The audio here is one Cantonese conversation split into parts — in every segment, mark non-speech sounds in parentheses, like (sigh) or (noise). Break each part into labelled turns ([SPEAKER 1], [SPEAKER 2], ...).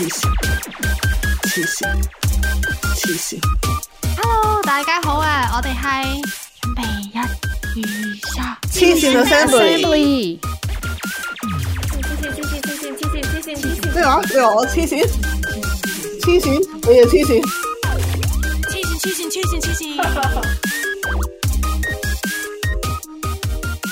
[SPEAKER 1] 黐線，黐線，黐
[SPEAKER 2] 線！Hello，大家好啊！我哋係準備一二三黐線嘅 family。黐線，黐線，黐線，黐
[SPEAKER 3] 線，黐線，黐線。即
[SPEAKER 1] 係我，即係我，黐線，黐線，我又黐線，
[SPEAKER 3] 黐線，黐線，黐線，黐線。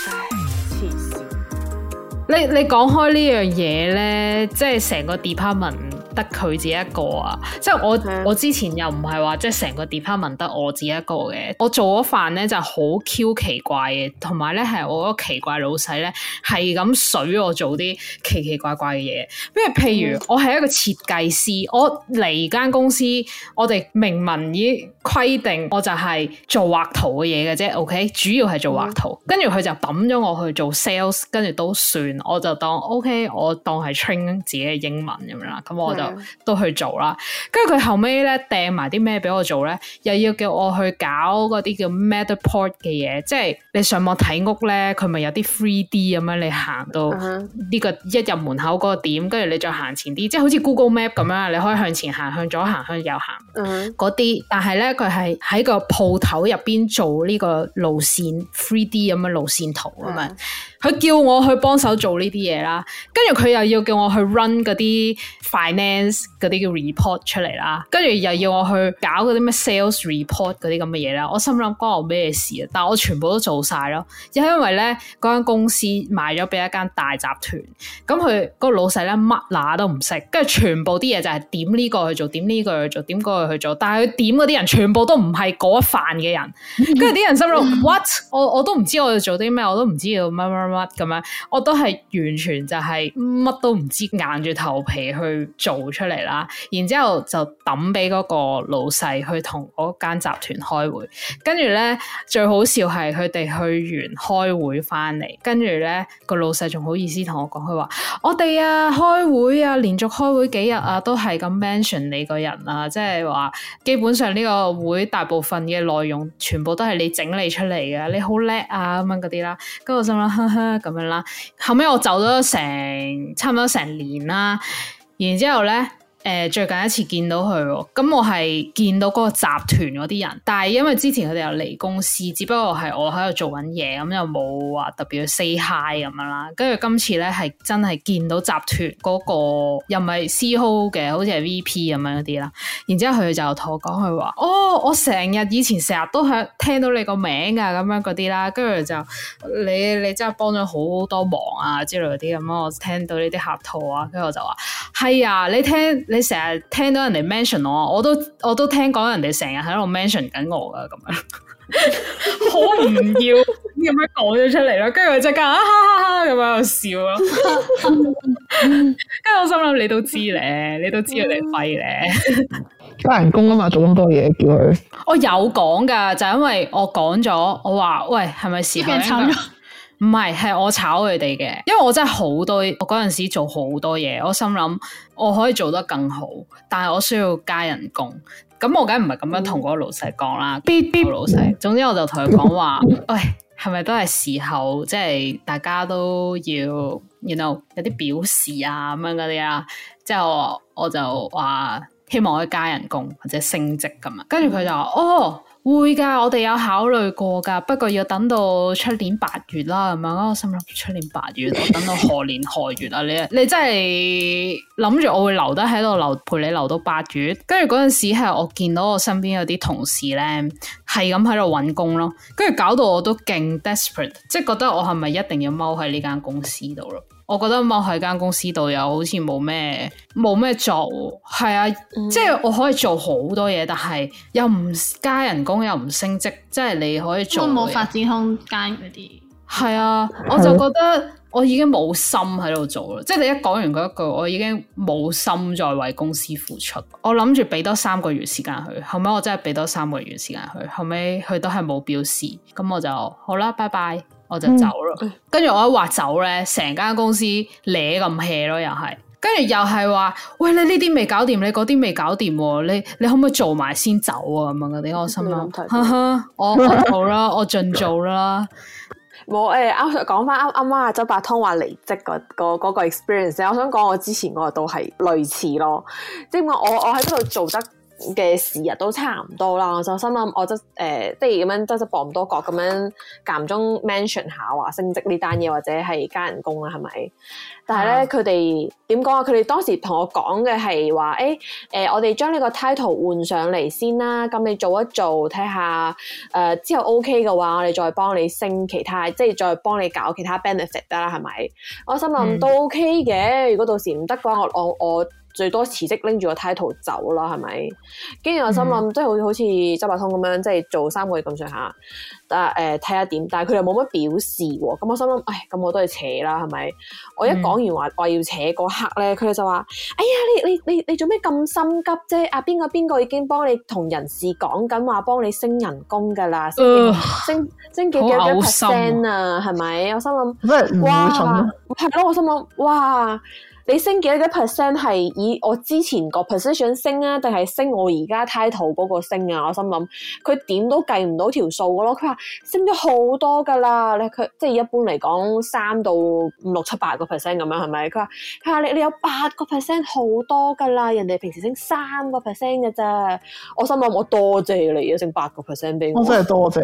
[SPEAKER 1] 唉，
[SPEAKER 4] 黐線！你你講開呢樣嘢咧，即係成個 department。得佢自己一個啊！即係我、嗯、我之前又唔係話，即係成個 department 得我自己一個嘅。我做咗飯咧就好、是、Q 奇怪嘅，同埋咧係我嗰奇怪老細咧，係咁水我做啲奇奇怪怪嘅嘢。因為譬如我係一個設計師，我嚟間公司，我哋明文依。規定我就係做畫圖嘅嘢嘅啫，OK，主要係做畫圖，跟住佢就抌咗我去做 sales，跟住都算，我就當 OK，我當係 train 自己嘅英文咁樣啦，咁我就、嗯、都去做啦。跟住佢後尾咧訂埋啲咩俾我做咧，又要叫我去搞嗰啲叫 Matterport 嘅嘢，即係你上網睇屋咧，佢咪有啲 3D 咁樣，你行到呢、這個、嗯、一入門口嗰個點，跟住你再行前啲，即係好似 Google Map 咁樣，你可以向前行、向左行、向右行嗰啲、嗯，但係咧。佢係喺個鋪頭入邊做呢個路線 three D 咁嘅路線圖啊嘛。嗯佢叫我去幫手做呢啲嘢啦，跟住佢又要叫我去 run 嗰啲 finance 嗰啲嘅 report 出嚟啦，跟住又要我去搞嗰啲咩 sales report 嗰啲咁嘅嘢啦。我心諗關我咩事啊？但我全部都做晒咯，就係因為咧嗰間公司賣咗俾一間大集團，咁佢個老細咧乜乸都唔識，跟住全部啲嘢就係點呢個去做，點呢個去做，點嗰個去做，但係佢點嗰啲人全部都唔係嗰一範嘅人，跟住啲人心諗 (laughs) what？我我都唔知我哋做啲咩，我都唔知要乜咁樣？我都係完全就係乜都唔知，硬住頭皮去做出嚟啦。然之後就抌俾嗰個老細去同嗰間集團開會。跟住咧，最好笑係佢哋去完開會翻嚟，跟住咧個老細仲好意思同我講，佢話：我哋啊開會啊，連續開會幾日啊，都係咁 mention 你個人啊，即係話基本上呢個會大部分嘅內容全部都係你整理出嚟嘅，你好叻啊咁樣嗰啲啦。跟住我心諗。 (laughs) 咁樣啦，後尾我走咗成，差唔多成年啦，然之後咧。誒最近一次見到佢喎，咁我係見到嗰個集團嗰啲人，但係因為之前佢哋又嚟公司，只不過係我喺度做緊嘢，咁又冇話特別 say hi 咁樣啦。跟住今次咧係真係見到集團嗰個又唔係 CEO 嘅，好似係 VP 咁樣嗰啲啦。然之後佢就同我講佢話：哦，我成日以前成日都響聽到你個名啊，咁樣嗰啲啦。跟住就你你真係幫咗好多忙啊之類嗰啲咁樣，我聽到呢啲客套啊，跟住我就話：係啊，你聽，你聽你成日聽到人哋 mention 我，我都我都聽講人哋成日喺度 mention 緊我噶，咁樣好唔 (laughs) 要咁樣講咗出嚟咯。跟住佢即刻啊哈哈哈咁喺度笑咯。跟 (laughs) 住我心諗你都知咧，你都知佢哋廢咧，
[SPEAKER 1] 加人 (laughs) 工啊嘛，做咁多嘢叫佢。
[SPEAKER 4] 我有講噶，就係因為我講咗，我話喂，係咪時間？唔係，係我炒佢哋嘅，因為我真係好多，我嗰陣時做好多嘢，我心諗。我可以做得更好，但係我需要加人工，咁我梗係唔係咁樣同嗰個老細講啦。嗯。個老細，總之我就同佢講話，嗯。誒，係咪都係時候，即係大家都要，you know, 有啲表示啊，咁樣嗰啲啊，之後我，我就話希望可以加人工或者升職咁啊。跟住佢就話哦。會噶，我哋有考慮過噶，不過要等到出年八月啦，咁咪我心諗，出年八月，我等到何年何月啊？你你真係諗住我會留得喺度留陪你留到八月，跟住嗰陣時係我見到我身邊有啲同事咧係咁喺度搵工咯，跟住搞到我都勁 desperate，即係覺得我係咪一定要踎喺呢間公司度咯？我覺得我喺間公司度又好似冇咩冇咩做，係啊，嗯、即係我可以做好多嘢，但係又唔加人工又唔升職，即係你可以做冇發
[SPEAKER 2] 展空間嗰啲。
[SPEAKER 4] 係啊，我就覺得我已經冇心喺度做啦，的即係你一講完嗰一句，我已經冇心再為公司付出。我諗住俾多三個月時間去。後尾我真係俾多三個月時間去。後尾佢都係冇表示，咁我就好啦，拜拜。我就走咯，跟住我一話走咧，成間公司攣咁氣咯，又係跟住又係話喂，你呢啲未搞掂，你嗰啲未搞掂，你你可唔可以做埋先走啊？咁樣嗰啲我心諗、嗯嗯嗯 (laughs) ，
[SPEAKER 3] 我好啦、 (laughs) 那個
[SPEAKER 4] 那個，我盡做啦。
[SPEAKER 3] 我誒，啱講翻啱啱阿周伯通話離職嗰嗰嗰個 experience，我想講我之前嗰個都係類似咯，即係我我我喺嗰度做得嘅時日都差唔多啦，我就心諗，我即誒，即係咁樣，即係博唔多角咁樣間唔中 mention 下話升職呢單嘢，或者係加人工啦，係咪？但係咧，佢哋點講啊？佢哋當時同我講嘅係話，誒、欸、誒、呃，我哋將呢個 title 換上嚟先啦，咁你做一做睇下，誒、呃、之後 OK 嘅話，我哋再幫你升其他，即係再幫你搞其他 benefit 啦，係咪？我心諗、嗯、都 OK 嘅，如果到時唔得嘅話，我我我。我最多辭職拎住個 title 走啦，係咪？跟住我心諗、嗯，即係好似好似周伯通咁樣，即係做三個月咁上下、呃，但係睇下點。但係佢又冇乜表示喎。咁我心諗，唉、哎，咁我都係扯啦，係咪？我一講完話我要扯嗰刻咧，佢哋就話：哎呀，你你你你做咩咁心急啫、啊？啊，邊個邊個已經幫你同人事講緊話，幫你升人工㗎啦，升、呃、升，升幾幾多 percent 啊？係咪、呃啊？我心諗、啊，哇，係咯，我心諗，哇。你升幾多 percent 係以我之前個 position 升啊，定係升我而家 title 嗰個升啊？我心諗，佢點都計唔到條數噶咯。佢話升咗好多噶啦，你，佢即係一般嚟講三到五六七八個 percent 咁樣係咪？佢話，佢話你你有八個 percent 好多噶啦，人哋平時升三個 percent 嘅啫。我心諗，我多謝你啊，升八個 percent 俾我。我真係多
[SPEAKER 4] 謝，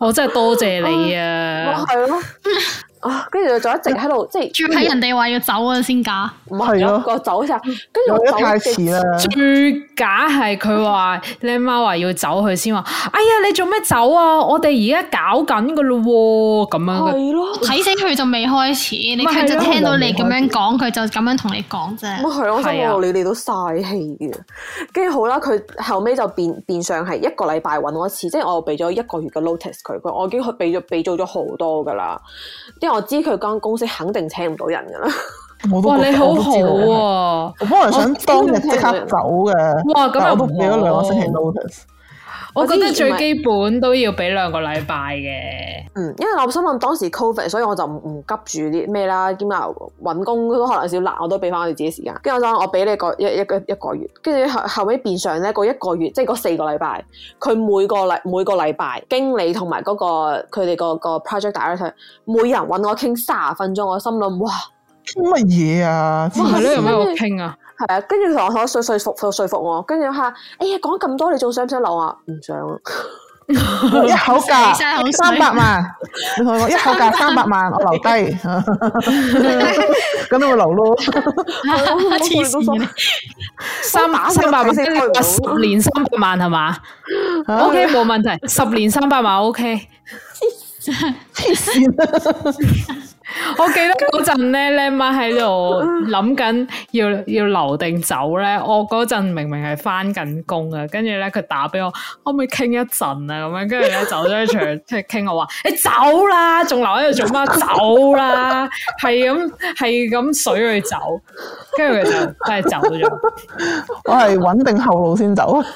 [SPEAKER 4] 我真係多謝你啊。我
[SPEAKER 3] 係咯。跟住就一直喺度，即係最人哋話要走嗰先㗎，唔係咯，走晒，跟住我走，
[SPEAKER 4] 最假係佢話靚媽話要走，佢先話。哎呀，你做咩走啊？我哋而家搞緊噶咯，咁樣。係
[SPEAKER 2] 咯，睇醒佢就未開
[SPEAKER 3] 始。佢就聽到你咁樣
[SPEAKER 2] 講，佢就咁樣同你講啫。
[SPEAKER 3] 哇，係我真係我哋都晒氣嘅。跟住好啦，佢後尾就變變相係一個禮拜搵我一次，即係我俾咗一個月嘅 notice 佢，我我已經俾咗俾咗好多噶啦，啲我知佢間公司肯定請唔到人噶啦。
[SPEAKER 1] 哇，你好好啊！我本來想當日即刻走嘅。哇，咁我都俾咗兩個星期 notice 我覺得最基
[SPEAKER 3] 本
[SPEAKER 4] 都要俾兩個禮拜嘅，
[SPEAKER 3] 嗯，因為我心諗當時 COVID 所以我就唔唔急住啲咩啦，兼埋搵工都可能少難，我都俾翻我哋自己時間。跟住我講，我俾你個一一個一,一,一個月，跟住後後尾變相咧，嗰一個月即係嗰四個禮拜，佢每個禮每個禮拜經理同埋嗰個佢哋個個 project director 每人搵我傾三十分鐘，我心諗哇。
[SPEAKER 1] 乜嘢啊？你哋有咩好傾
[SPEAKER 3] 啊？係啊，跟住同我說說服說服我，跟住我吓，哎呀，講咁多，你仲想唔想留啊？唔想，
[SPEAKER 1] 一口價三百萬，你睇我一口價三百萬，我留低，咁你咪留咯，黐線，三
[SPEAKER 4] 三百萬跟住十年三百萬係嘛？OK，冇問題，十年三百萬 OK。我記得嗰陣咧，Lang Ma 喺度諗緊要要留定走咧。我嗰陣明明係翻緊工啊，跟住咧佢打俾我，可唔可以傾一陣啊？咁樣跟住咧走咗出嚟傾，我話你走啦，仲留喺度做乜？走啦，
[SPEAKER 3] 係咁係咁水去走，跟住佢就真係走咗。
[SPEAKER 1] 我係穩定後路先走
[SPEAKER 3] 啊。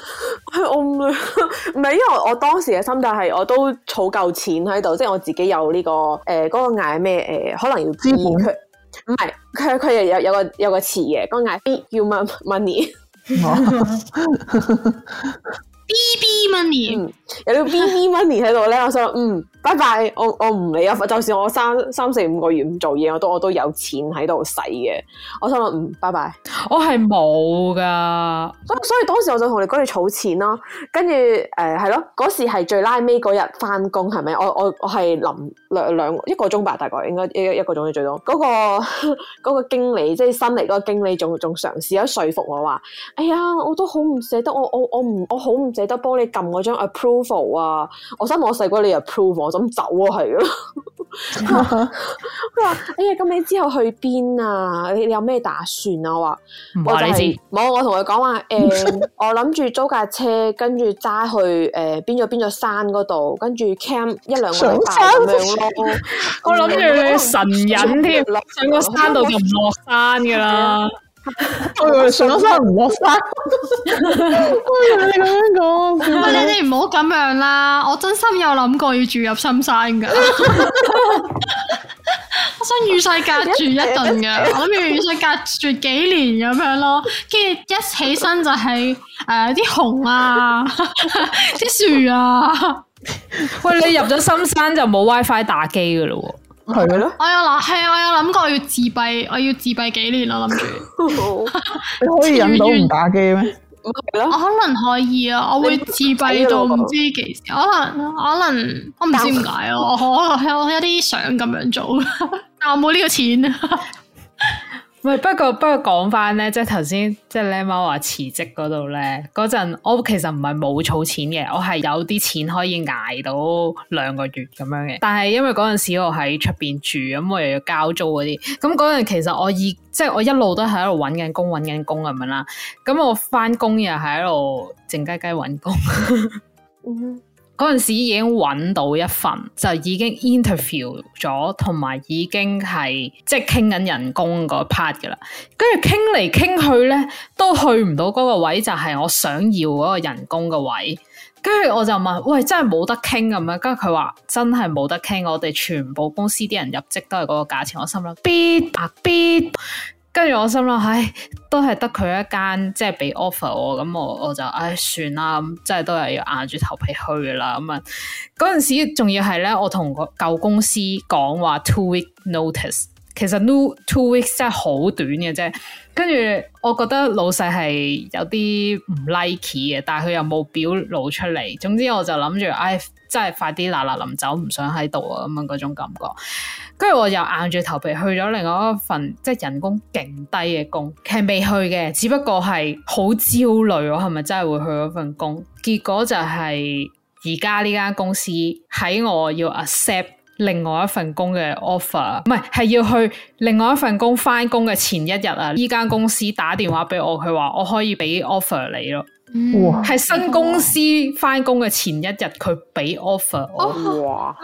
[SPEAKER 3] 我唔係，因為我當時嘅心態係，我都儲夠錢喺度，即係我自己有呢個誒嗰個嗌咩誒。可能要支援佢，唔係普，佢佢又有有個有個詞嘅，個嗌飛叫 money。嗯、B B money，有啲 B B money 喺度咧， (laughs) 我想嗯，拜拜，我我唔理啊，就算我三三四五個月唔做嘢，我都我都有錢喺度使嘅，我想話，嗯，拜拜，我係冇噶，咁、嗯、所，所以當時我就同你講要儲錢咯，跟住誒係咯，嗰時係最拉尾嗰日翻工係咪？我我我係臨兩兩一個鐘吧，大概應該一一個鐘最多，嗰個嗰個經理即係新嚟嗰個經理，仲仲嘗試咧說服我話，哎呀，我都好唔捨得，我我我唔我好唔。你都幫你撳嗰張 approval 啊！我先望我細哥你 approval，我咁走啊，係咯。佢
[SPEAKER 1] (laughs) 話： (laughs) 哎、欸、
[SPEAKER 3] 呀，咁你之後去邊啊？你你有咩打算啊？我話：唔話你
[SPEAKER 4] 知。
[SPEAKER 3] 冇，我同佢講話誒，我諗住、嗯、租架車，跟住揸去誒、呃、邊咗邊咗山嗰度，跟住 camp 一兩個禮拜咁咯。上山 (laughs) 我諗住你神隱添、 (laughs) 嗯，上個山度就唔落山㗎啦。哎、 (laughs) 我上山唔落山，你咁樣講，你哋
[SPEAKER 2] 唔好咁樣啦！我真心有諗過要住入深山噶， (laughs) 我想與世隔住一陣噶，我諗要與世隔住幾年咁樣咯。跟住一起身就係誒啲熊啊，啲 (laughs) 樹樹啊。喂，你入咗
[SPEAKER 4] 深山就冇 WiFi 打機噶啦。
[SPEAKER 2] 我有諗，係、啊、我有諗過我要自閉，我要自閉，我要 (laughs) 自閉幾年咯，諗住。你
[SPEAKER 1] 可以忍到唔打機咩？
[SPEAKER 2] 願我可能可以啊，我會自閉到唔知幾時。可能，可能，可能我唔知點解啊，我可能我有啲想咁樣做， (laughs) 但我冇呢個
[SPEAKER 4] 錢。 (laughs) 唔不過不過講翻咧，即係頭先，即係 Lang Ma 話辭職嗰度咧，嗰陣我其實唔係冇儲錢嘅，我係有啲錢可以捱到兩個月咁樣嘅。但係因為嗰陣時我喺出邊住，咁我又要交租嗰啲，咁嗰陣其實我已即係我一路都喺度揾緊工，揾緊工咁樣啦。咁我翻工又係喺度靜雞雞揾工。 (laughs) mm hmm. 嗰陣時已經揾到一份，就已經 interview 咗，同埋已經係即係傾緊人工嗰 part 嘅啦。跟住傾嚟傾去呢，都去唔到嗰個位，就係我想要嗰個人工嘅位。跟住我就問：喂，真係冇得傾咁樣？跟住佢話：真係冇得傾。我哋全部公司啲人入職都係嗰個價錢。我心諗，必啊必。啊必跟住我心諗，唉，都係得佢一間，即係俾 offer 我，咁我我就唉算啦，即係都係要硬住頭皮去啦。咁啊，嗰陣時仲要係咧，我同個舊公司講話 two week notice，其實 two weeks 真係好短嘅啫。跟住我覺得老細係有啲唔 like 嘅，但係佢又冇表露出嚟。總之我就諗住唉。真係快啲嗱嗱臨走，唔想喺度啊，咁樣嗰種感覺，跟住我又硬住頭皮去咗另外一份即係人工勁低嘅工，其實未去嘅，只不過係好焦慮，我係咪真係會去嗰份工？結果就係而家呢間公司喺我要 accept 另外一份工嘅 offer，唔係係要去另外一份工翻工嘅前一日啊！呢間公司打電話俾我，佢話我可以俾 offer 你咯。係哇新公司翻工嘅前一日，佢俾 offer 我。
[SPEAKER 2] 個 timing、哦、哇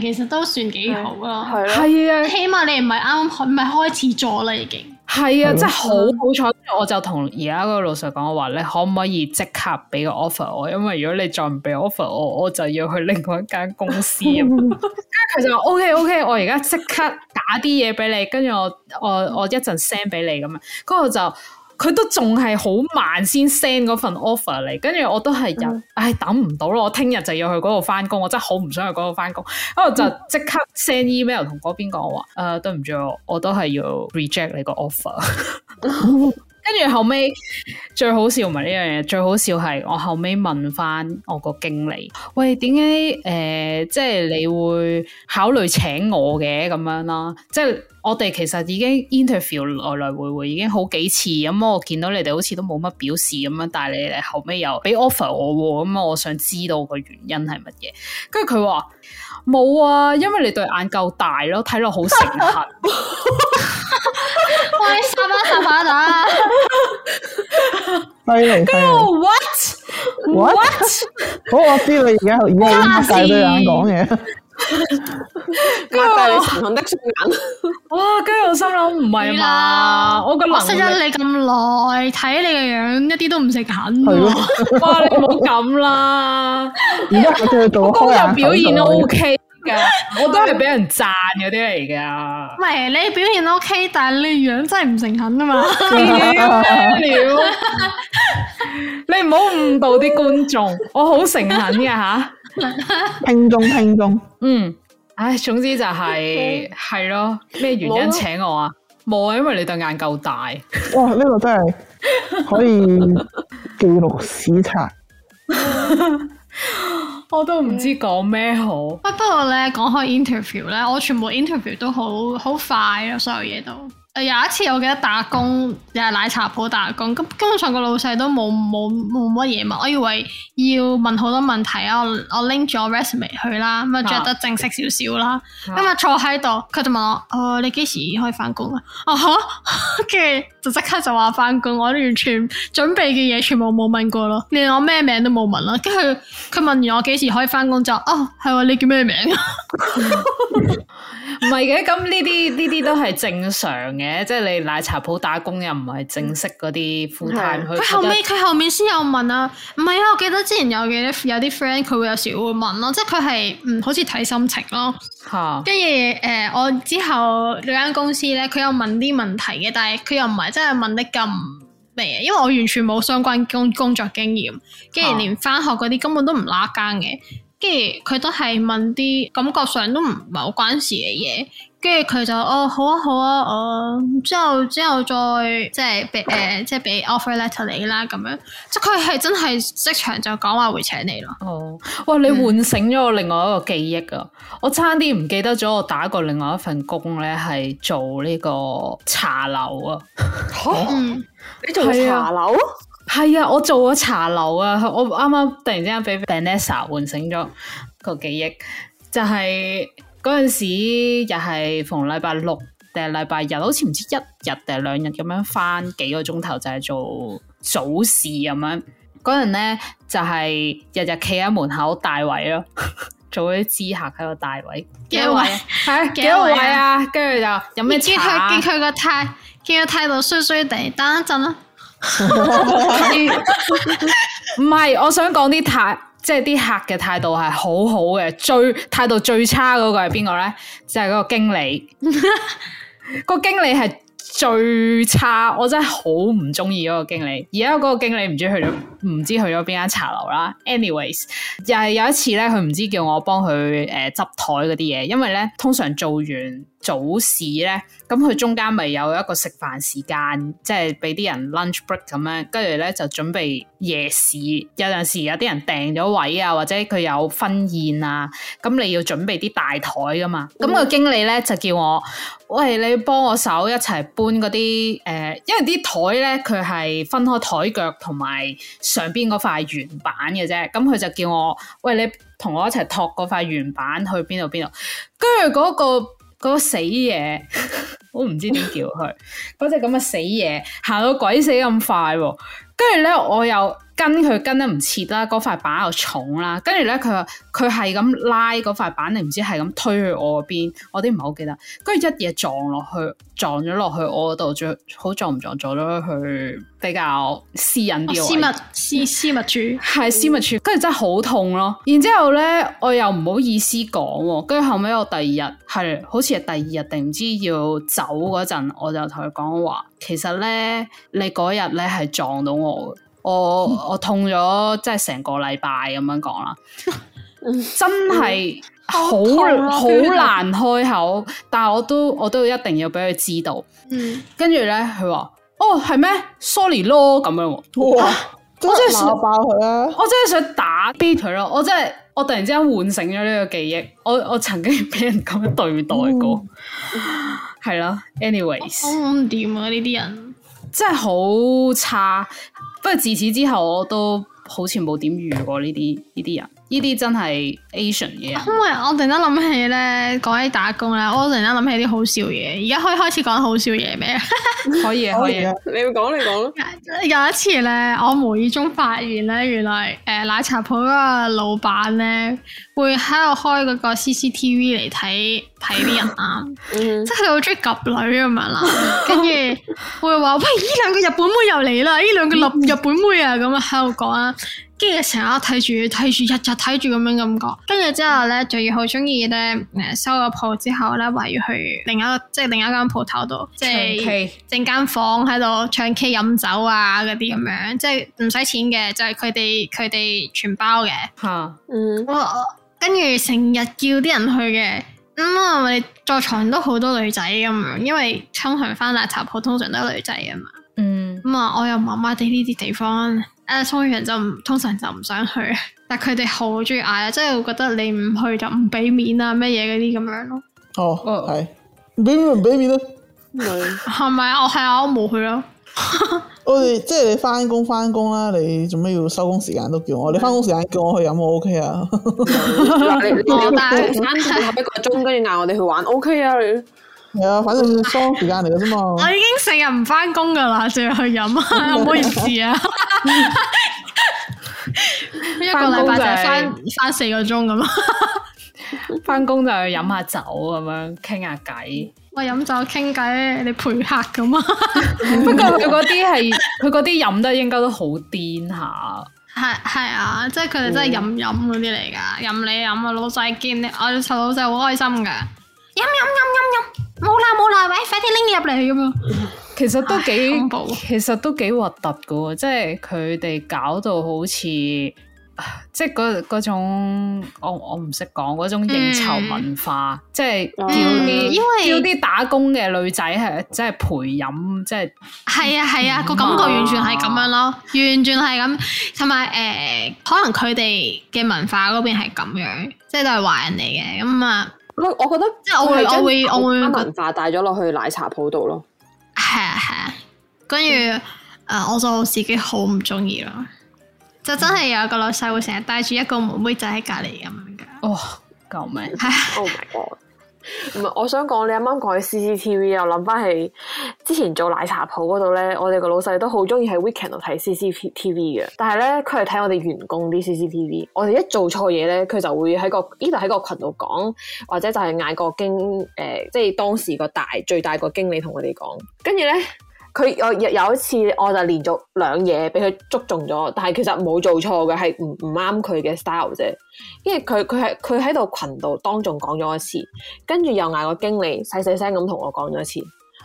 [SPEAKER 2] 其實都算幾好啊，係咯。係啊，起碼你唔係啱啱開，唔係開始咗啦已經。係啊，真係好
[SPEAKER 4] 好彩。我就同而家嗰個老細講，我話你可唔可以即刻俾個 offer 我？因為如果你再唔俾 offer 我，我就要去另外一間公司。咁、 (laughs) 嗯，跟住佢就話，OK，OK，我而家即刻打啲嘢俾你，跟住我我我，我一陣 send 俾你咁樣。嗰個就。 (laughs) (laughs) 佢都仲係好慢先 send 嗰份 offer 嚟，跟住我都係入，嗯、唉等唔到咯！我聽日就要去嗰度返工，我真係好唔想去嗰度返工，嗯、我就即刻 send email 同嗰邊講話，誒、呃、對唔住，我都係要 reject 你個 offer。 (laughs) (laughs) 跟住後尾，最好笑咪呢樣嘢，最好笑係我後尾問翻我個經理，喂，點解誒，即係你會考慮請我嘅咁樣啦？即係我哋其實已經 interview 來來回回已經好幾次，咁、嗯、我見到你哋好似都冇乜表示咁樣，但係你哋後尾又俾 offer 我，咁、嗯、啊，我想知道個原因係乜嘢？跟住佢話冇啊，因為你對眼夠大咯，睇落好成核。 (laughs)
[SPEAKER 2] 喂，沙巴沙巴咋？
[SPEAKER 1] 歡迎歡
[SPEAKER 3] 迎。What？What？我 feel 你而
[SPEAKER 1] 家好，我唔夾對眼講嘢。
[SPEAKER 3] 跟住我問得順眼，
[SPEAKER 2] 哇！跟住我心諗唔係嘛，我個識得你咁耐，睇你嘅樣一啲都唔食緊。哇！你唔好咁
[SPEAKER 1] 啦，而家我都要做開人表現都 OK。
[SPEAKER 4] (laughs) 我都係俾人讚嗰啲嚟噶唔係你表現 OK，但係你樣真係唔誠懇啊嘛！你唔好誤導啲觀眾，我好誠懇㗎吓。
[SPEAKER 1] 聽眾聽眾，嗯，唉、哎，總之就
[SPEAKER 4] 係、是、係中 (laughs) 咯，咩原因請我啊？冇啊， (laughs) 因為你對眼夠大。
[SPEAKER 1] 哇，呢個真係可以記錄史冊。 (laughs) (laughs)
[SPEAKER 2] 我都唔知講咩好、嗯不，不過咧，講開 interview 咧，我全部 interview 都好好快啊，所有嘢都。誒，有一次我記得打工又係奶茶鋪打工，咁根本上個老細都冇冇冇乜嘢問，我以為要問好多問題啊，我拎咗 resume 去啦，咁啊着得正式少少啦，咁啊坐喺度，佢就問我，誒、oh, 你幾時可以返工啊？我跟住就即刻就話返工，我完全準備嘅嘢全部冇問過咯，連我咩名都冇問啦，跟住佢問完我幾時可以返工就：oh, 啊「哦，啊係話你叫咩名啊？唔係嘅，咁呢啲呢啲都
[SPEAKER 4] 係正常嘅。即係你奶茶鋪打工又唔係正式嗰啲 full time。佢後尾佢
[SPEAKER 2] 後面先有問啊，唔係啊，我記得之前有幾有啲 friend 佢會有時會問咯、啊，即係佢係嗯好似睇心情咯。吓、啊，跟住誒，我之後呢間公司咧，佢有問啲問題嘅，但係佢又唔係真係問得咁咩，因為我完全冇相關工工作經驗，跟住連返學嗰啲根本都唔拉更嘅，跟住佢都係問啲感覺上都唔唔係好關事嘅嘢。跟住佢就哦好啊好啊，哦之後之後再即係俾誒即係俾 offer letter 你啦咁樣，即係佢係真係即場就講話會請你咯。哦，哇！你喚醒
[SPEAKER 4] 咗我另外一個記憶啊！我差啲唔記得咗，我打過另外一份工咧，係做呢個茶樓啊。吓、哦？嗯、
[SPEAKER 3] 你做茶樓？
[SPEAKER 4] 係啊，啊，我做咗茶樓啊。我啱啱突然之間俾 Banessa 喚醒咗個記憶，就係、是。嗰陣時又係逢禮拜六定禮拜日，好似唔知一日定係兩日咁樣，返幾個鐘頭，就係做早市咁樣。嗰陣咧就係日日企喺門口大位咯，做啲知客喺度大位，
[SPEAKER 2] 幾多位係幾多位啊？跟住就有唔知佢見佢個態，見佢態度衰衰地，等一陣啦。唔係， (laughs) (laughs) (laughs) 我想講啲太。即係啲客嘅態度係好
[SPEAKER 4] 好嘅，最態度最差嗰個係邊個咧？就係、是、嗰個經理，個 (laughs) (laughs) 經理係最差，我真係好唔中意嗰個經理。而家嗰個經理唔知去咗，唔知去咗邊間茶樓啦。Anyways，又係有一次咧，佢唔知叫我幫佢誒執枱嗰啲嘢，因為咧通常做完。早市咧，咁佢中間咪有一個食飯時間，即係俾啲人 lunch break 咁樣，跟住咧就準備夜市。有陣時有啲人訂咗位啊，或者佢有婚宴啊，咁你要準備啲大台噶嘛？咁個經理咧就叫我，喂，你幫我手一齊搬嗰啲誒，因為啲台咧佢係分開台腳同埋上邊嗰塊圓板嘅啫。咁佢就叫我，喂，你同我一齊托嗰塊圓板去邊度邊度？跟住嗰個。嗰個死嘢！ (laughs) 我唔知點叫佢嗰隻咁嘅死嘢行到鬼死咁快，跟住咧我又跟佢跟得唔切啦，嗰塊板又重啦，跟住咧佢話佢係咁拉嗰塊板你唔知係咁推去我邊，我啲唔係好記得，跟住一嘢撞落去，撞咗落去我嗰度，最好撞唔撞撞咗去比較私隱啲，哦，私私私密處係私密處，跟住 (laughs) 真係好痛咯。然之後咧我又唔好意思講，跟住後尾我第二日係好似係第二日定唔知要走嗰陣，我就同佢講話，其實咧，你嗰日咧係撞到我，我我痛咗，即係成個禮拜咁樣講啦，真係好好難開口， (laughs) 但係我都我都一定要俾佢知道。跟住咧，佢話：哦，係咩？Sorry 咯，咁樣我，
[SPEAKER 3] 我真係想爆佢啦，
[SPEAKER 4] 我真係想打 B 佢咯，我真係我突然之間喚醒咗呢個記憶，我我曾經俾人咁樣對待過。 (laughs) 係咯
[SPEAKER 2] ，anyways。我唔掂啊！呢啲人
[SPEAKER 4] 真係好差。不過自此之後，我都好似冇點遇過呢啲呢啲人。呢啲真係 Asian 嘅。因
[SPEAKER 2] 為我突然間諗起咧，講起打工咧，我突然間諗起啲好笑嘢。而家可以開始講好笑嘢咩？ (laughs) 可以，可以。 (laughs) 你要講你講咯。有一次咧，我無意中發現咧，原來誒、呃、奶茶鋪嗰個老闆咧，會喺度開嗰個 CCTV 嚟睇睇啲人啊，即係佢好中意 𥄫 女咁樣啦。跟住會話 (laughs) 喂，呢兩個日本妹又嚟啦，呢兩個日本妹啊，咁樣喺度講啊。成日睇住睇住日日睇住咁樣感覺，跟住之後咧就要好中意咧誒，收咗鋪之後咧，話要去另一個即係另一間鋪頭度即係整間房喺度唱 K 飲酒啊嗰啲咁樣，即係唔使錢嘅，就係佢哋佢哋全包嘅吓嗯，跟住成日叫啲人去嘅，咁啊咪在場都好多女仔咁樣，因為通常翻奶茶鋪通常都係女仔啊嘛，嗯咁啊、嗯、我，我又麻麻哋呢啲地方。誒，中國人就唔通常就唔想去，但係佢哋好中意嗌啊，即係會覺得你唔去就唔俾面啊，咩嘢嗰啲咁樣咯。 (laughs) 哦，嗯
[SPEAKER 1] 係，唔俾面唔俾面咯，係咪啊？我係啊，我冇去咯。我哋即係你翻工翻工啦，你做咩要收工時間都叫我？你翻工時間叫我去飲、啊 (laughs) (laughs) 嗯、 (laughs) 我，、嗯、 (laughs) 我去 OK 啊？我但係啱
[SPEAKER 3] 先後一個鐘，跟住嗌我哋去玩，OK 啊？你係啊，反正是
[SPEAKER 1] 拖時間嚟嘅啫嘛。我
[SPEAKER 2] 已經成日唔翻工噶啦，成日去飲，唔好意思啊。一個禮拜就翻三四個鐘咁啊。
[SPEAKER 4] 翻工就去飲下酒咁樣，傾下偈。
[SPEAKER 2] 我飲酒傾偈，你陪客咁啊。不過佢嗰啲
[SPEAKER 4] 係佢嗰啲飲得應該都好癲下。
[SPEAKER 2] 係係啊，即係佢哋真係飲飲嗰啲嚟噶，飲你飲啊，老細見你，我老細好開心噶，飲飲飲飲飲。冇啦冇啦，喂，
[SPEAKER 4] 快啲拎你入嚟咁啊！其實都幾恐怖，其實都幾核突噶，即係佢哋搞到好似即係嗰嗰種，我我唔識講嗰種應酬文化，嗯、即係叫啲、嗯、因為，叫啲打工嘅女
[SPEAKER 2] 仔係即係陪飲，即係係啊係啊，個、啊嗯啊、感覺完全係咁樣咯，完全係咁，同埋誒，可能佢哋嘅文化嗰邊係咁樣，即
[SPEAKER 3] 係都係華人嚟嘅咁啊。嗯我我覺得，即係我會我會我會文化帶咗落去奶茶鋪度咯。
[SPEAKER 2] 係啊係啊，跟住誒，我就自己好唔中意咯。就真係有個老細會成日帶住一個妹妹仔喺隔籬咁樣噶。哦，
[SPEAKER 3] 救命！係。 (laughs) (laughs) Oh my God！唔係， (laughs) 我想講你啱啱講起 CCTV，又諗翻起之前做奶茶鋪嗰度咧，我哋個老細都好中意喺 Weekend 度睇 CCTV 嘅。但係咧，佢係睇我哋員工啲 CCTV。我哋一做錯嘢咧，佢就會喺個依度喺個群度講，或者就係嗌個經誒，即、呃、係、就係、當時個大最大個經理同我哋講。跟住咧。佢我有有一次，我就連續兩嘢俾佢捉中咗，但係其實冇做錯嘅，係唔唔啱佢嘅 style 啫。因為佢佢係佢喺度群度當眾講咗一次，跟住又挨個經理細細聲咁同我講咗一次。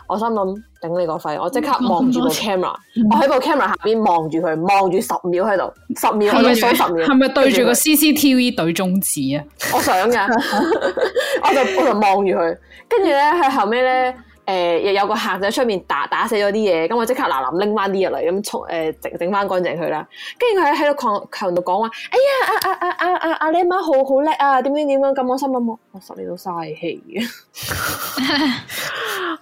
[SPEAKER 3] 我心諗頂你個肺，我即刻望住個 camera，、嗯、我喺部 camera 下邊望住佢，望住十秒喺度，十秒我數十秒，係咪對住個
[SPEAKER 4] CCTV 懟中指啊？
[SPEAKER 3] 我想噶， (laughs) (laughs) 我就我就望住佢，跟住咧佢後尾咧。誒，又有個客仔出面打打死咗啲嘢，咁我即刻嗱嗱拎翻啲嘢嚟，咁沖誒整整翻乾淨佢啦。跟住佢喺喺度強強度講話：，哎呀，阿阿阿阿阿阿你阿媽好好叻啊！點樣點樣咁，我心諗我我實你都嘥氣啊！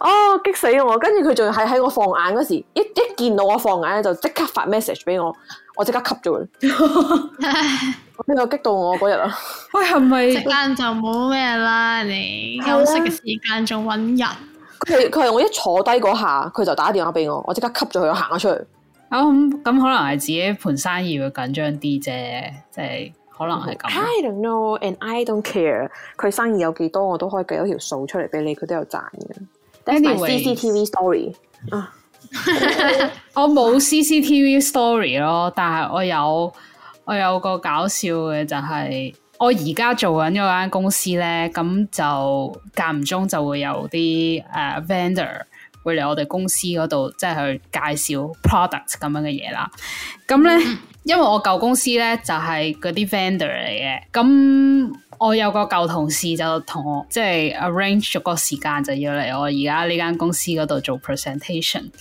[SPEAKER 3] 哦，激死我！跟住佢仲要喺喺我放眼嗰時，一一見到我放眼咧，就即刻發 message 俾我，我即刻吸咗佢。呢個激到我嗰日啊！喂，係咪？
[SPEAKER 2] 食晏就冇咩啦，你休息嘅時間仲搵人。
[SPEAKER 3] 佢佢係我一坐低嗰下，佢就打電話俾我，我即刻吸咗佢，行咗出去。咁咁、嗯、可能係
[SPEAKER 4] 自己盤生意會緊張啲啫，即係
[SPEAKER 3] 可能係咁。I don't know and I don't care。佢生意有幾多我都可以計到條數出嚟俾你，佢都有賺
[SPEAKER 4] 嘅。但係 CCTV
[SPEAKER 3] story 啊，我冇
[SPEAKER 4] CCTV story 咯，但係我有我有個搞笑嘅就係、是。我而家做緊嗰間公司咧，咁就間唔中就會有啲誒、uh, vendor 會嚟我哋公司嗰度，即係去介紹 product 咁樣嘅嘢啦。咁咧，嗯、因為我舊公司咧就係嗰啲 vendor 嚟嘅，咁我有個舊同事就同我即係、就是、arrange 咗個時間，就要嚟我而家呢間公司嗰度做 presentation。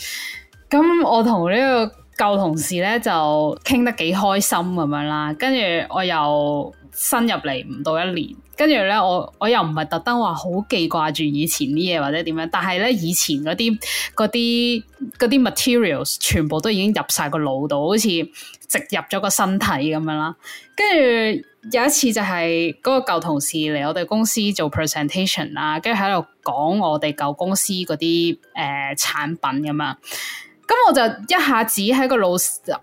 [SPEAKER 4] 咁我同呢個舊同事咧就傾得幾開心咁樣啦，跟住我又。新入嚟唔到一年，跟住咧我我又唔係特登話好記掛住以前啲嘢或者點樣，但係咧以前嗰啲嗰啲嗰啲 materials 全部都已經入晒個腦度，好似植入咗個身體咁樣啦。跟住有一次就係嗰個舊同事嚟我哋公司做 presentation 啦，跟住喺度講我哋舊公司嗰啲誒產品咁啊。咁我就一下子喺個老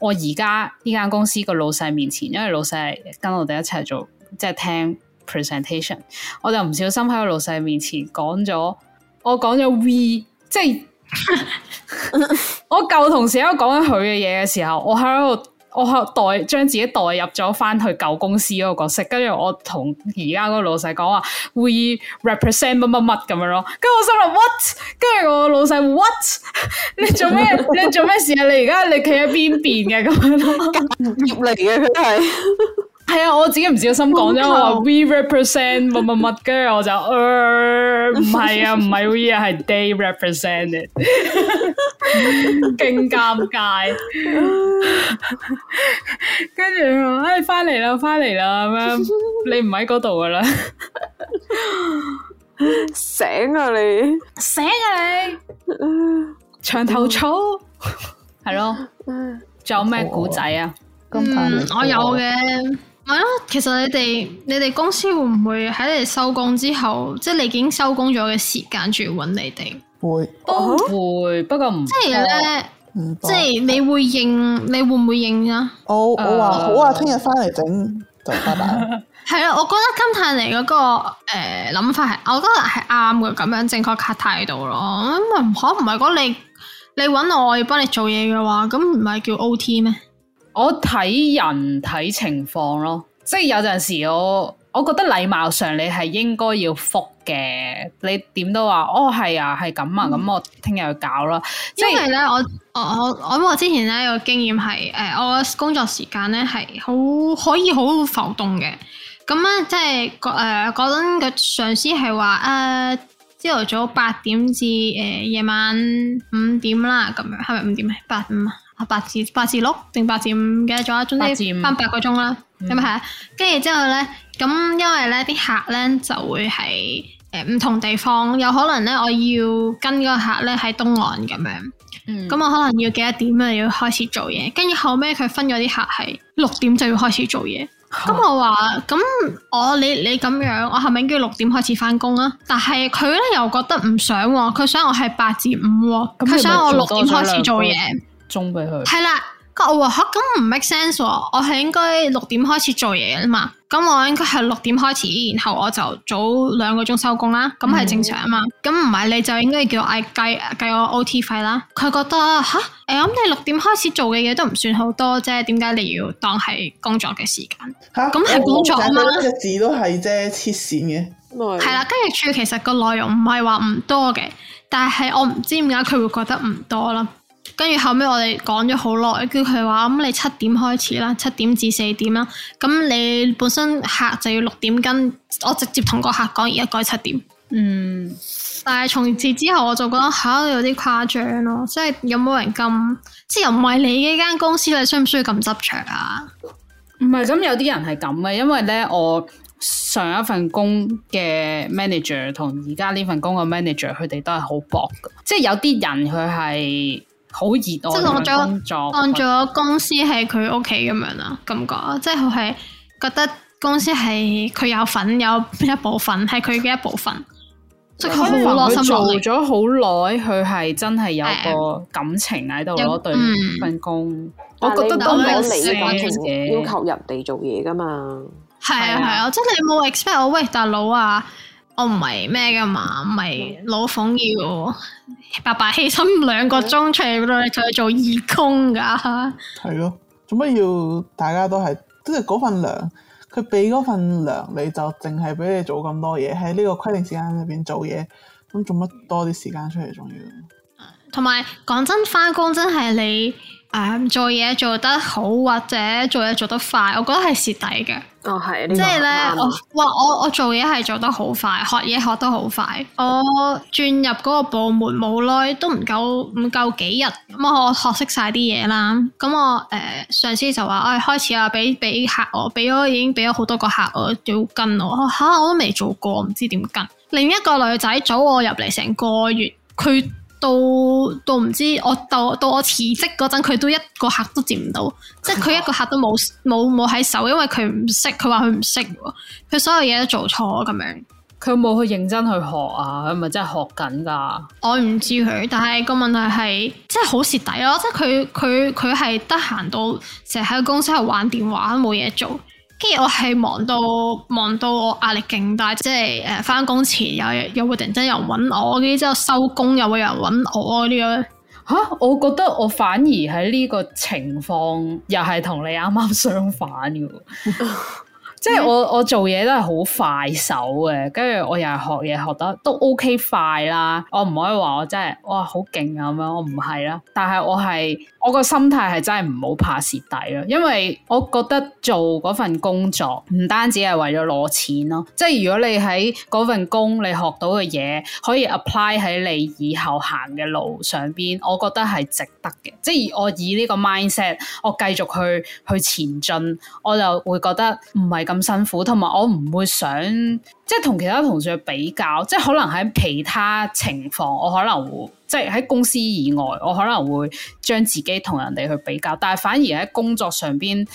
[SPEAKER 4] 我而家呢間公司個老細面前，因為老細跟我哋一齊做，即係聽 presentation，我就唔小心喺個老細面前講咗，我講咗 we，即係 (laughs) 我舊同事喺度講緊佢嘅嘢嘅時候，我喺度。我代將自己代入咗翻去舊公司嗰個角色，跟住我同而家嗰個老細講話，We represent 乜乜乜咁樣咯，跟住我心諗 What，跟住我老細 What，你做咩？你做咩事啊？你而家你企喺邊邊嘅咁樣咯，肉嚟嘅佢係。 (laughs) 係啊，我自己唔小心講咗話，we represent 乜乜乜，跟住我就唔、呃、係啊，唔係 we 啊，係 they represent it，勁尷 (laughs) 尷尬。跟住唉，話、哎，翻嚟啦，翻嚟啦咁樣，你唔喺嗰度噶啦，醒啊你，醒啊你，牆頭草，係咯，仲有咩古仔
[SPEAKER 2] 啊？
[SPEAKER 1] 嗯，我有嘅。
[SPEAKER 2] 係咯，其實你哋你哋公司會唔會喺你哋收工之後，即係你已經收工咗嘅時間，仲要揾你哋？
[SPEAKER 1] 會，
[SPEAKER 4] 但會，不過唔即係咧，
[SPEAKER 2] 錯即係你會應，嗯、你會唔會應
[SPEAKER 1] 啊？Oh, uh, 我我話好啊，聽日翻嚟整就得喇。
[SPEAKER 2] 係啊， (laughs) 我覺得金碳妮嗰、那個誒諗、呃、法係，我覺得係啱嘅，咁樣正確卡態度咯。咁唔可？唔係講你你揾我，我要幫你做嘢嘅話，咁唔係叫 O T 咩？
[SPEAKER 4] 我睇人睇情況咯，即係有陣時我我覺得禮貌上你係應該要覆嘅，你點都話哦係啊係咁啊，咁、啊嗯、我
[SPEAKER 2] 聽日去搞咯。因為咧我我我我因為之前咧有個經驗係誒、呃，我工作時間咧係好可以好浮動嘅。咁、嗯、咧即係誒嗰陣嘅上司係話誒朝頭早八點至誒、呃、夜晚五點啦，咁樣係咪五點啊？八點啊？8, 八字八字六定八字五，6, 5, 記唔記得？總之翻八個鐘啦，咁係。跟住之後咧，咁因為咧啲客咧就會係誒唔同地方，有可能咧我要跟個客咧喺東岸咁樣，咁、嗯、我可能要幾多點咧要開始做嘢？跟住後尾，佢分咗啲客係六點就要開始做嘢。咁、嗯、我話咁我你你咁樣，我係咪應該六點開始翻工啊？但係佢咧又覺得唔想喎，佢想我係八字五喎，佢想我六點開始是是做嘢。送俾佢，係啦。我話吓，咁唔 make sense 喎，我係應該六點開始做嘢啊嘛。咁我應該係六點開始，然後我就早兩個鐘收工啦。咁係正常啊嘛。咁唔係你就應該叫嗌計計我 OT 費啦。佢覺得吓，誒，我諗你六點開始做嘅嘢都唔算好多啫，點解你要當係工作嘅時間？吓哈，咁係工作啊嘛。
[SPEAKER 1] 只、哦、字都係啫，黐線嘅。
[SPEAKER 2] 係啦，跟住其實個內容唔係話唔多嘅，但係我唔知點解佢會覺得唔多啦。跟住後尾我哋講咗好耐，叫佢話咁你七點開始啦，七點至四點啦。咁你本身客就要六點跟，我直接同個客講而家改七點。嗯，但係從此之後我就覺得吓、啊、有啲誇張咯，即係有冇人咁？即係又唔係你呢間公司你需唔需要咁執場啊？
[SPEAKER 4] 唔係咁有啲人係咁嘅，因為咧我上一份工嘅 manager 同而家呢份工嘅 manager，佢哋都係好薄㗎，即係有啲人佢係。好熱愛，即係我將當咗
[SPEAKER 2] 公司係佢屋企咁樣啦，感覺、嗯、即係佢係覺得公司係佢有份，有一部分係佢嘅一部分。 (laughs) 即係佢好耐心做
[SPEAKER 4] 咗好耐，佢係真係有個感情喺度咯，對份工。嗯嗯、 (laughs) 我覺得咁樣
[SPEAKER 2] 嚟要感情要求
[SPEAKER 3] 人哋做嘢噶嘛。
[SPEAKER 2] 係啊係啊，即係你冇 expect 我喂大佬啊！ (laughs) (laughs) 我唔係咩噶嘛，唔係老闆要白白犧牲兩個鐘出嚟嗰就去做義工噶。係
[SPEAKER 1] 咯，做乜要大家都係即係嗰份糧？佢俾嗰份糧你就淨係俾你做咁多嘢喺呢個規定時間入邊做嘢，咁做乜多啲時間出嚟仲要？
[SPEAKER 2] 同埋講真，返工真係你。誒，um, 做嘢做得好或者做嘢做得快，我覺得係蝕底嘅。哦，係，即係咧，嗯、我哇，我我做嘢係做得好快，學嘢學得好快。我轉入嗰個部門冇耐，都唔夠唔夠幾日，咁、嗯、我學識晒啲嘢啦。咁、嗯、我誒、呃、上司就話：我、哎、開始啊，俾俾客我，俾咗已經俾咗好多個客我要跟我。嚇、啊，我都未做過，唔知點跟。另一個女仔早我入嚟成個月，佢。到到唔知我到到我辭職嗰陣，佢都一個客都接唔到，嗯、即係佢一個客都冇冇冇喺手，因為佢唔識，佢話佢唔識，佢所有嘢都做錯咁樣。佢冇去認真去學啊，佢咪真係學緊㗎、啊？我唔知佢，但係個問題係即係好蝕底咯，即係佢佢佢係得閒到成日喺公司度玩電話，冇嘢做。我係忙到忙到我壓力勁大，即係誒返工前有又，又會突然間有人搵我，跟住之後收工又會有人搵我呢啲咁。吓、這個啊，我覺得我反而喺呢個情況又係
[SPEAKER 4] 同你啱啱相反嘅， (laughs) 即係我 (laughs) 我，我做嘢都係好快手嘅，跟住我又係學嘢學得都 OK 快啦。我唔可以話我真係哇好勁啊咁樣，我唔係啦，但係我係。我個心態係真係唔好怕蝕底咯，因為我覺得做嗰份工作唔單止係為咗攞錢咯，即係如果你喺嗰份工你學到嘅嘢可以 apply 喺你以後行嘅路上邊，我覺得係值得嘅。即係我以呢個 mindset，我繼續去去前進，我就會覺得唔係咁辛苦，同埋我唔會想。即係同其他同事去比較，即係可能喺其他情況，我可能會，即係喺公司以外，我可能會將自己同人哋去比較，但係反而喺工作上邊，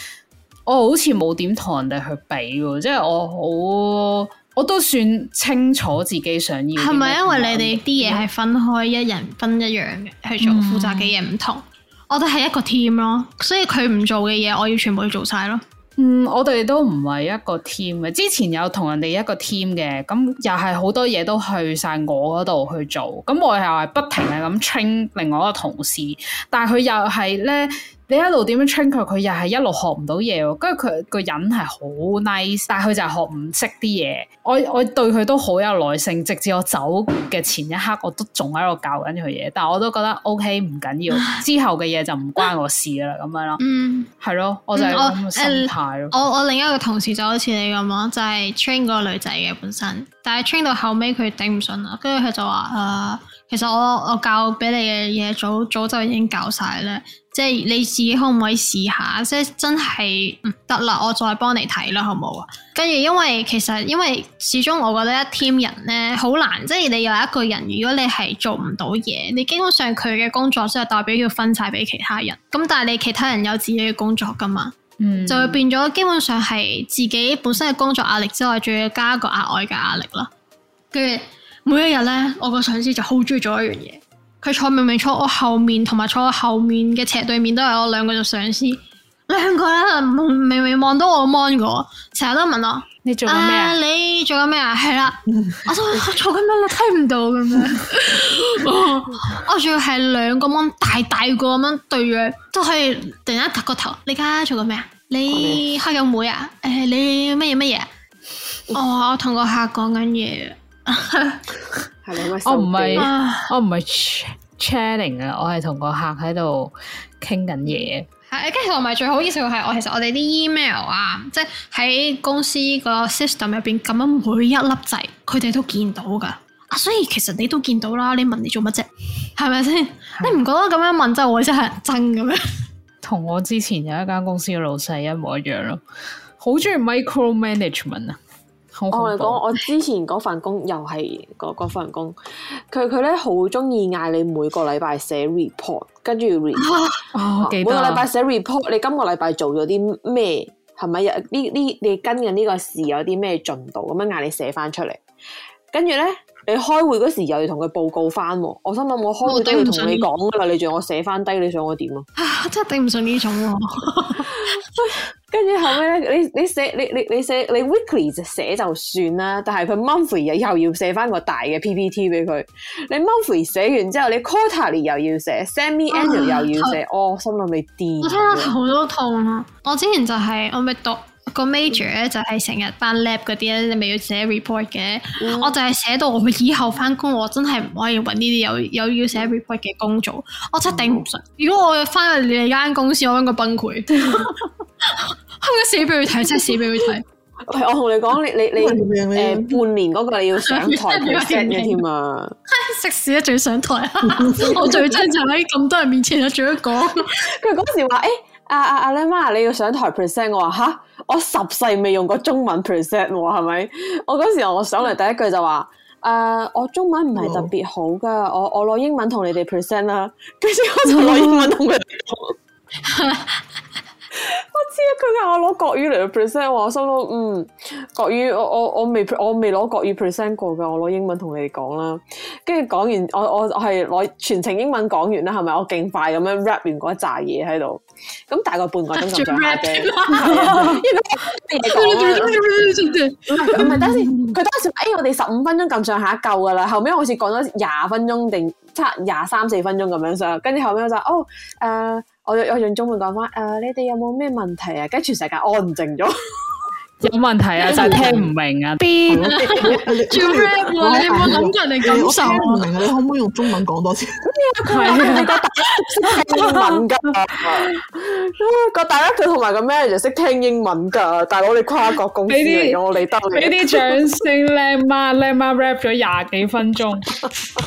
[SPEAKER 4] 我好似冇點同人哋去比喎，即係我好，我都算清楚自己想要怎樣怎樣。係咪因為你哋啲嘢係
[SPEAKER 2] 分開一人分一樣嘅，嗯、去做，負責嘅嘢唔同，我哋係一個 team 咯，所以佢唔做嘅
[SPEAKER 4] 嘢，我要全部要做晒咯。嗯，我哋都唔係一個 team 嘅，之前有同人哋一個 team 嘅，咁又係好多嘢都去晒我嗰度去做，咁我又係不停係咁 train 另外一個同事，但係佢又係咧。你一路點樣 train 佢，佢又係一路學唔到嘢喎。跟住佢個人係好 nice，但係佢就係學唔識啲嘢。我我對佢都好有耐性，直至我走嘅前一刻，我都仲喺度教緊佢嘢。但係我都覺得 OK 唔緊要，之後嘅嘢就唔關我事啦咁、啊、樣咯。嗯，係咯，我就係咁嘅心態咯、嗯。我、呃、我，
[SPEAKER 2] 我另一個同事就好似你咁咯，就係 train 嗰個女仔嘅本身，但係 train 到後尾，佢頂唔順啦，跟住佢就話啊，其實我我教俾你嘅嘢早早就已經教晒咧。即係你自己可唔可以試下？即係真係唔得啦，我再幫你睇啦，好唔好啊？跟住因為其實因為始終我覺得一 team 人咧，好難，即係你有一個人如果你係做唔到嘢，你基本上佢嘅工作即係代表要分晒俾其他人。咁但係你其他人有自己嘅工作噶嘛？嗯，就會變咗基本上係自己本身嘅工作壓力之外，仲要加一個額外嘅壓力咯。跟住每一日咧，我個上司就好中意做一樣嘢。佢坐明明坐我後面，同埋坐我後面嘅斜對面都係我兩個做上司，兩個啦，明明望到我 mon 成日都問我你做緊咩啊？你做緊咩啊？係啦， (laughs) 我坐緊咩？我聽唔到咁樣。 (laughs) (laughs) (laughs) 我仲要係兩個 mon 大大個咁樣對住，都可以突然間擳個頭，你家做緊咩啊？你開緊會啊？誒，你乜嘢乜嘢？我我同個客講緊嘢。 (laughs)
[SPEAKER 4] 我唔係，我唔係 ch chatting 啊，我係同個客喺度傾緊嘢。
[SPEAKER 2] 係，跟住我咪最好意思係，我其實我哋啲 email 啊，即係喺公司個 system 入邊，撳緊每一粒掣，佢哋都見到噶。啊，所以其實你都見到啦，你問你做乜啫？係咪先？你唔對覺得咁樣問真係我真係我 真咁樣？同我之前有一間公
[SPEAKER 4] 司嘅老細一模一樣咯，好中意 micro management 啊！
[SPEAKER 3] 我同、哦、你講，我之前嗰份工 (laughs) 又係嗰、嗰個、份工，佢佢咧好中意嗌你每個禮拜寫 report，跟住 report，
[SPEAKER 4] (laughs) 每個禮拜
[SPEAKER 3] 寫 report，你今個禮拜做咗啲咩？係咪呀？呢呢你跟緊呢個事有啲咩進度？咁樣嗌你寫翻出嚟，跟住咧。你開會嗰時又要同佢報告翻、哦，我心諗我開會要我都要同你講噶嘛，你仲要我寫翻低，你想我點啊？
[SPEAKER 2] 啊，真係頂唔順呢種、哦。
[SPEAKER 3] 跟住後尾咧，你寫你寫你你你寫你 weekly 就寫就算啦，但係佢 monthly 又又要寫翻個大嘅 PPT 俾佢， (laughs) 你 monthly 寫完之後，你 quarterly 又要寫 s, (laughs) semi annual 又要寫，我、啊 oh, 心諗你癲。我聽到頭
[SPEAKER 2] 都痛啊！我之前就係、是、我未讀。個 major 咧就係成日翻 lab 嗰啲咧，你咪要寫 report 嘅。嗯、我就係寫到我以後翻工，我真係唔可以搵呢啲有有要寫 report 嘅工做。我真係頂唔順。嗯、如果我翻去你哋間公司，我應該崩潰。
[SPEAKER 3] 可唔可以死俾佢睇，即係死俾佢睇。係我同你講，你你你誒，為嗯、半年嗰個你要上台講嘅添啊！ (laughs) (laughs) 食屎啊！仲要上台 (laughs) 我最憎就喺咁多人面前，我仲要講。佢嗰時話誒。阿阿阿奶媽，uh, uh, Lang ma, 你要上台 present，我話吓，我十世未用過中文 present，係咪？我嗰 (laughs) 時候我上嚟第一句就話，誒、嗯，uh, 我中文唔係特別好噶，哦，我我攞英文同你哋 present 啦，跟、啊、住我就攞英文同佢哋。嗯 (laughs) (laughs) 知啊！佢嗌我攞國語嚟去 present，我心諗嗯，國語我我我未我未攞國語 present 過噶，我攞英文同你哋講啦。跟住講完，我我我係攞全程英文講完啦，係咪？我勁快咁樣 rap 完嗰一紮嘢喺度，咁大概半個鐘咁上下嘅。因為咩嘢講？唔係等陣先，佢當時誒我哋十五分鐘咁上下夠噶啦，後尾好似講咗廿分鐘定差廿三四分鐘咁樣上，跟住後尾我就哦誒。我我用中文講翻，誒、呃，你哋有冇咩問題啊？跟住全世界安靜咗。 (laughs)
[SPEAKER 4] 有問題啊，就係聽唔明啊，邊、啊 OK, 你有冇諗
[SPEAKER 1] 住人哋感受？唔明、
[SPEAKER 3] 欸、你可唔可以用中文講多次？佢係、欸 (laughs) 啊、個大，識聽英文噶。個大佬佢同埋個 manager 識聽英文噶，大佬你跨國公司嚟嘅，我理得你。俾啲掌聲
[SPEAKER 4] ，Lang Ma，Lang Ma rap 咗廿幾分鐘。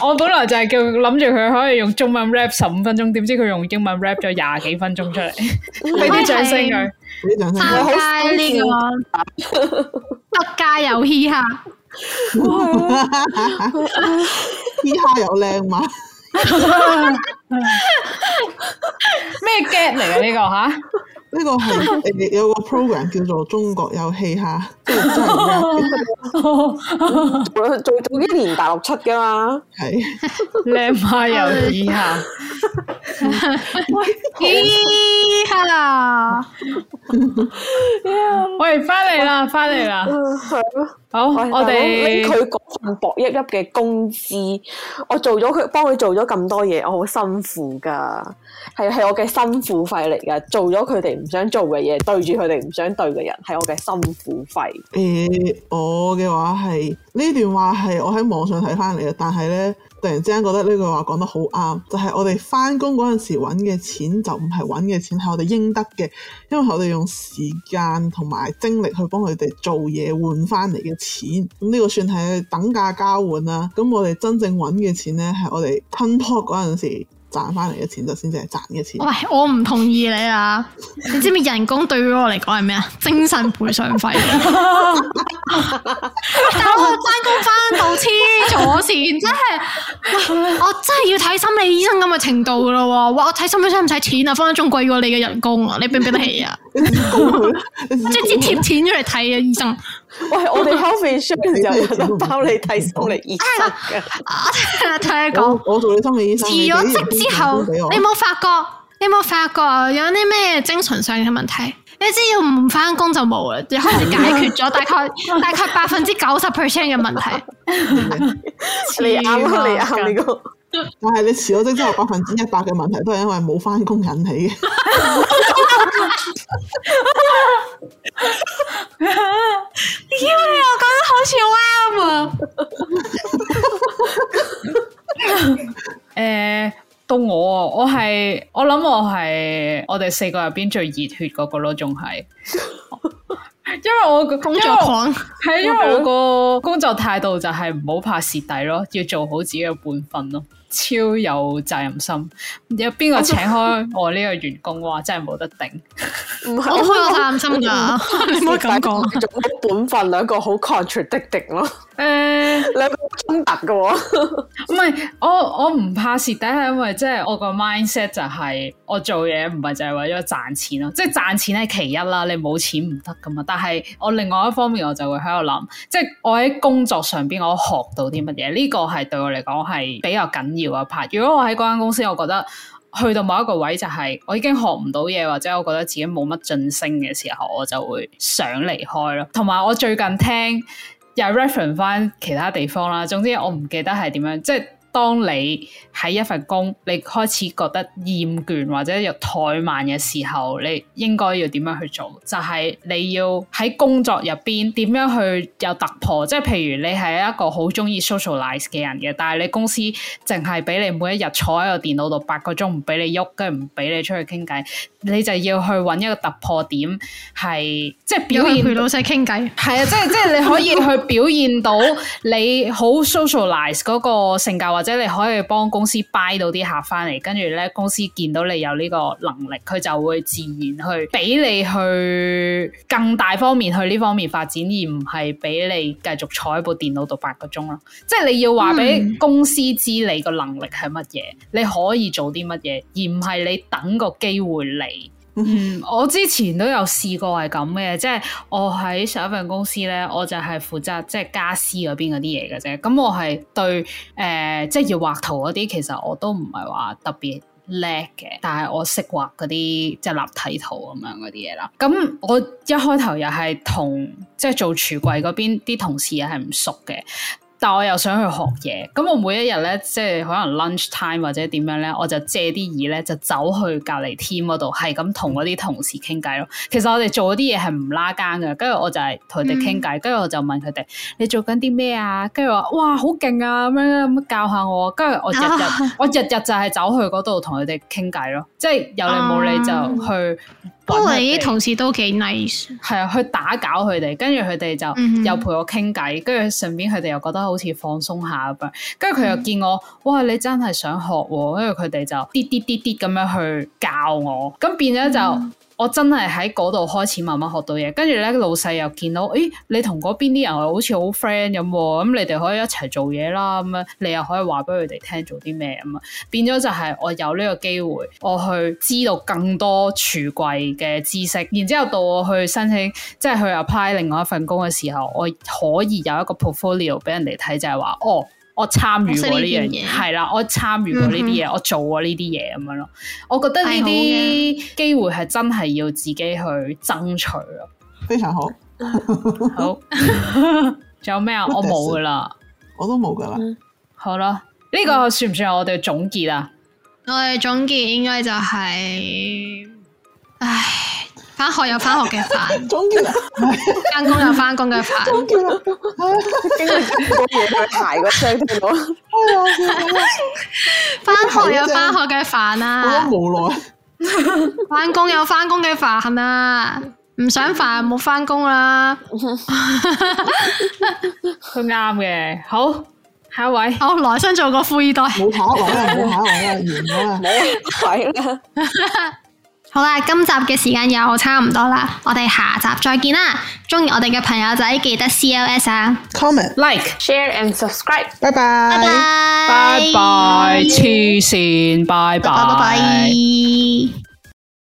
[SPEAKER 4] (laughs) 我本來就係叫諗住佢可以用中文 rap 十五分鐘，點知佢用英文 rap 咗廿幾分鐘出嚟？俾 (laughs) 啲掌聲佢。
[SPEAKER 1] (laughs) 參加呢個撲街遊戲哈，嘻哈又靚嘛，咩 get 嚟 (laughs) 啊呢、啊 (laughs) 呢個吓？啊呢個係有個 program 叫做中國有嘻哈，即係做做一年大陸出㗎嘛，係 Lang Ma 有嘻
[SPEAKER 4] 哈，
[SPEAKER 3] 喂嘻哈，喂翻嚟啦，翻嚟啦。好，我哋拎佢份薄一粒嘅工資，我做咗佢，幫佢做咗咁多嘢，我好辛苦㗎，係係我嘅辛苦費嚟㗎，做咗佢哋唔想做嘅嘢，對住佢哋唔想對嘅人，係我嘅辛苦費。
[SPEAKER 1] 誒、欸，我嘅話係呢段話係我喺網上睇返嚟嘅，但係咧。突然之間覺得呢句話講得好啱，就係、是、我哋返工嗰陣時揾嘅錢就唔係揾嘅錢，係我哋應得嘅，因為我哋用時間同埋精力去幫佢哋做嘢換返嚟嘅錢，咁呢個算係等價交換啦。咁我哋真正揾嘅錢呢，係我哋拼搏嗰陣時。賺翻嚟嘅錢就先至係賺嘅錢。喂，
[SPEAKER 2] 我唔同意你啊！ (laughs) 你知唔知人工對於我嚟講係咩啊？精神賠償費。 (laughs) (laughs) 但係我翻工翻到黐咗線，真係，我真係要睇心理醫生咁嘅程度咯喎！哇，我睇心理醫生唔使錢啊，分分鐘貴過你嘅人工啊，你俾唔俾得起啊？ (laughs) 直接貼錢出嚟睇啊，醫生。 (laughs) (laughs) 喂，我哋 coffee shop 又
[SPEAKER 3] 又
[SPEAKER 1] 包你睇心理醫生嘅。 (laughs) 我同你講，我做你心理醫生。辭咗職之後，你有冇發
[SPEAKER 2] 覺，你有冇發覺有啲咩精神上嘅問題？ (laughs) 你知只要唔翻工就冇啦，就開始解決咗大概大概百分之九十 percent 嘅問題。你 (laughs) 啱家，你啱，你
[SPEAKER 1] (noise) 但係你辭咗職之後，百分之一百嘅問題都係因為冇返工引起嘅。因為我講得好似話
[SPEAKER 3] 啊！唔，
[SPEAKER 4] 誒，到我，我係我諗我係我哋四個入邊最熱血嗰個咯，仲係 (laughs) ，
[SPEAKER 3] 因為我個工作係 (laughs) 因為我個工
[SPEAKER 4] 作態度就係唔好怕蝕底咯，要做好自己嘅本分咯。超有責任心，有邊個請開我呢個員工哇、啊？真係冇得頂，
[SPEAKER 3] 好 (laughs) 是有責任心噶。你唔好咁講，做本分兩個好 contradict 咯，誒，兩個衝突噶。唔係，我我唔怕蝕底，係因
[SPEAKER 4] 為即係我個 mindset 就係我做嘢唔係就係為咗賺錢咯，即係賺錢係其一啦，你冇錢唔得噶嘛。但係我另外一方面，我就會喺度諗，即、就、係、是、我喺工作上邊，我學到啲乜嘢，呢、嗯、個係對我嚟講係比較緊要。要拍，如果我喺嗰間公司，我覺得去到某一個位就係我已經學唔到嘢，或者我覺得自己冇乜晉升嘅時候，我就會想離開咯。同埋我最近聽又係 reference 翻其他地方啦，總之我唔記得係點樣，即係。當你喺一份工，你開始覺得厭倦或者又怠慢嘅時候，你應該要點樣去做？就係、是、你要喺工作入邊點樣去有突破？即係譬如你係一個好中意 socialize 嘅人嘅，但係你公司淨係俾你每一日坐喺個電腦度八個鐘唔俾你喐，跟住唔俾你出去傾偈，你就要去揾一個突破點係即係表現，陪老
[SPEAKER 2] 細傾偈。係 (laughs) 啊，即係即係你可以去表現到
[SPEAKER 4] 你好 socialize 個性格或者你可以幫公司 buy 到啲客翻嚟，跟住咧公司見到你有呢個能力，佢就會自然去俾你去更大方面去呢方面發展，而唔係俾你繼續坐喺部電腦度八個鐘啦。即係你要話俾公司知、嗯、你個能力係乜嘢，你可以做啲乜嘢，而唔係你等個機會嚟。嗯，我之前都有試過係咁嘅，即係我喺上一份公司咧，我就係負責即係家私嗰邊嗰啲嘢嘅啫。咁我係對誒、呃，即係要畫圖嗰啲，其實我都唔係話特別叻嘅，但係我識畫嗰啲即係立體圖咁樣嗰啲嘢啦。咁我一開頭又係同即係做櫥櫃嗰邊啲同事又係唔熟嘅。但我又想去學嘢，咁我每一日咧，即係可能 lunch time 或者點樣咧，我就借啲意咧，就走去隔離 team 嗰度，係咁同嗰啲同事傾偈咯。其實我哋做嗰啲嘢係唔拉更嘅，跟住我就係同佢哋傾偈，跟住、嗯、我就問佢哋：你做緊啲咩啊？跟住話：哇，好勁啊！咁樣咁樣教下我。跟住我日日我日日就係走去嗰度同佢哋傾偈咯，即係有理冇理就去。啊因為啲同事都幾 nice，係啊，去打攪佢哋，跟住佢哋就又陪我傾偈，跟住順便佢哋又覺得好似放鬆下咁樣，跟住佢又見我，哇！你真係想學喎，跟住佢哋就啲啲啲啲咁樣去教我，咁變咗就。我真係喺嗰度開始慢慢學到嘢，跟住咧老細又見到，誒，你同嗰邊啲人好似好 friend 咁，咁你哋可以一齊做嘢啦，咁樣你又可以話俾佢哋聽做啲咩啊嘛，變咗就係我有呢個機會，我去知道更多櫥櫃嘅知識，然之後到我去申請，即係去 apply 另外一份工嘅時候，我可以有一個 portfolio 俾人哋睇，就係話哦。我參與過呢樣嘢，係啦，我參與過呢啲嘢，嗯、哼我做過呢啲嘢咁樣咯。我覺得呢啲機會係真係要自己去爭取咯。非常好， (laughs) 好，仲 (laughs) 有咩啊？ (laughs) 我冇噶啦，我都冇噶啦。好啦，呢、呢個算唔算係我哋嘅總結啊？
[SPEAKER 2] 我哋總結應該就係、係，唉。返學有
[SPEAKER 3] 返學嘅煩，
[SPEAKER 2] 返工有返工嘅
[SPEAKER 3] 煩。
[SPEAKER 2] 返學有返學嘅煩啊！我無奈。返工有返工嘅煩啊！唔想煩冇返工啦。佢啱嘅，好，下一位。我來生做個富二代。冇下位，冇下位，完啦，冇
[SPEAKER 1] 鬼
[SPEAKER 3] 啦。
[SPEAKER 2] 好啦，今集嘅時間又差唔多啦，我哋下集再見啦！鍾意我哋嘅朋友仔記得 CLS 啊，comment like share and subscribe，拜拜拜拜，黐線，
[SPEAKER 4] 拜拜，拜拜。